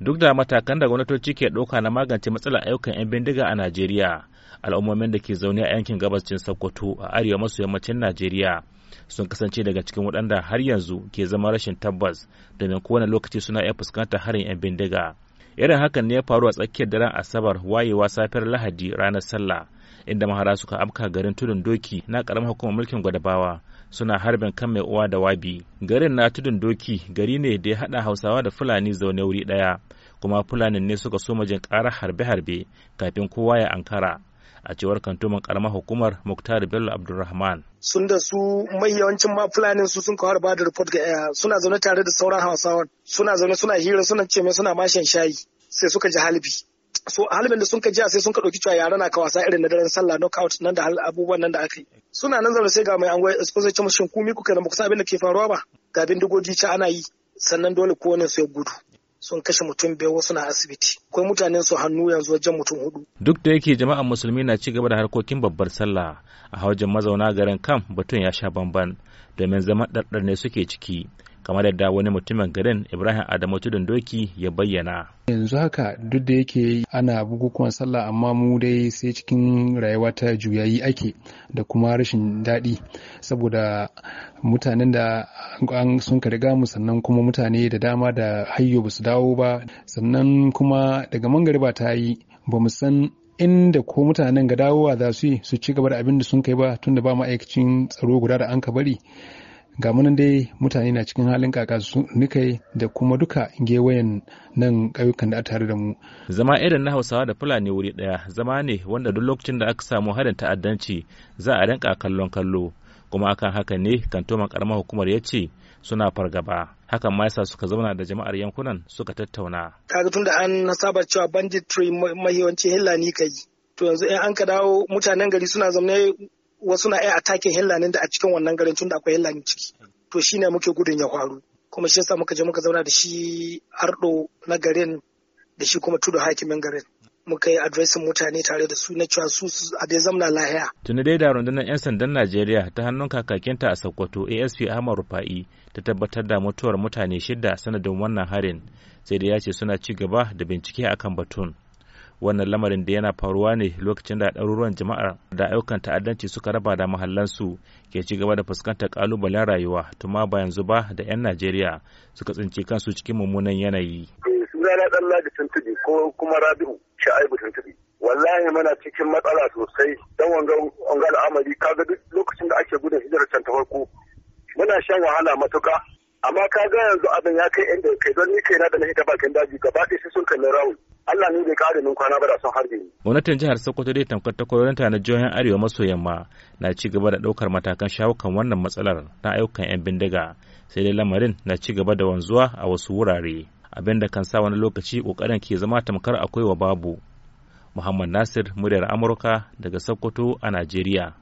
duk da matakan da gwamnatoci ke ɗauka na magance matsalar ayyukan 'yan bindiga a najeriya al'ummomin da ke zaune a yankin gabas cin sokoto a arewa maso yammacin najeriya sun kasance daga cikin waɗanda har yanzu ke zama rashin tabbas domin kowane lokaci suna iya fuskantar harin 'yan bindiga irin hakan ne ya faru a tsakiyar daren asabar wayewa safiyar lahadi ranar sallah inda mahara suka amka garin tudun doki na karamar hukumar mulkin gwadabawa suna harbin kan mai uwa da wabi garin na tudun doki gari ne da ya haɗa hausawa da fulani zaune wuri ɗaya kuma fulanin ne suka so majin ƙara harbe-harbe kafin kowa ya ankara a cewar kantoman karamar hukumar muktar bello abdulrahman sun da su mai yawancin ma fulanin su sun kawar ba da report ga eh, suna zaune tare da sauran hausawan suna zaune suna hira suna ce mai suna mashin shayi sai suka ji halibi so a halin da sun ka jiya sai sun ka ɗauki cewa yara na ka wasa irin na daren sallah out nan da abubuwan nan da aka yi suna nan zaune sai ga mai angoy su sai cewa shin ku kai kuka da muku abin da ke faruwa ba ga bindigogi ca ana yi sannan dole kowane su ya gudu sun kashe mutum biyar wasu na asibiti akwai mutanen su hannu yanzu wajen mutum hudu duk da yake jama'an musulmi na ci gaba da harkokin babbar sallah a hawajin mazauna garin kam batun ya sha bamban domin zama ɗarɗar ne suke ciki kamar yadda wani mutumin garin ibrahim adamu tudun doki ya bayyana yanzu haka duk da yake ana bukukuwan sallah amma mu dai sai cikin rayuwa ta juyayi ake da kuma rashin daɗi saboda mutanen da an sun riga mu sannan kuma mutane da dama da hayyo ba su dawo ba sannan kuma daga mangariba ta yi ba mu san inda ko mutanen ga dawowa za su yi su ci gaba da abin da sun kai ba tunda ba ma'aikacin tsaro guda da an ka bari ga munan dai mutane na cikin halin kaka su da kuma duka gewayen nan ƙauyukan da a tare da mu zama irin na hausawa da fulani wuri ɗaya zama ne wanda duk lokacin da aka samu harin ta'addanci za a rinka kallon kallo kuma akan haka ne kantoman karamar hukumar ya ce suna fargaba hakan ma yasa suka zauna da jama'ar yankunan suka tattauna kaga da an saba cewa banditry mahiwanci hilla ni kai to yanzu in an ka dawo mutanen gari suna zaune wasu na iya atakin hillanin da a cikin wannan garin tun da akwai hillanin ciki to shine muke gudun ya faru kuma shi yasa muka je muka zauna da shi ardo na garin da shi kuma tudu hakimin garin muka yi adresin mutane tare da su na cewa su a dai zamna lahiya. Tuni dai da rundunar 'yan sandan Najeriya ta hannun kakakinta a Sokoto ASP Ahmad Rufa'i ta tabbatar da mutuwar mutane shida sanadin wannan harin sai da ya ce suna ci gaba da bincike akan batun. wannan lamarin da yana faruwa ne lokacin da ɗaruruwan jama'ar da ayyukan ta'addanci suka raba da mahallansu ke ci gaba da fuskantar kalubalen rayuwa tuma ba yanzu ba da 'yan najeriya suka tsinci kansu cikin mummunan yanayi eh, sunana dan ladi tuntubi ko kuma rabi'u sha'ibu tuntubi wallahi muna cikin matsala sosai dan wanga wanga al'amari kaga duk lokacin da ake gudun hijirar can ta farko muna shan wahala matuka amma ka ga yanzu abin ya kai inda kai don ni na da na hita bakin daji gaba ɗaya sun kalli rawu. Allah ne bai kare min kwana ba da sun harbe ni. Gwamnatin jihar Sokoto dai tamkar ta koyarta na jihohin Arewa maso yamma na ci gaba da ɗaukar matakan shawo kan wannan matsalar na ayyukan 'yan bindiga sai dai lamarin na ci gaba da wanzuwa a wasu wurare abin da kan sa wani lokaci kokarin ke zama tamkar akwai wa babu. Muhammad Nasir, muryar Amurka daga Sokoto a Najeriya.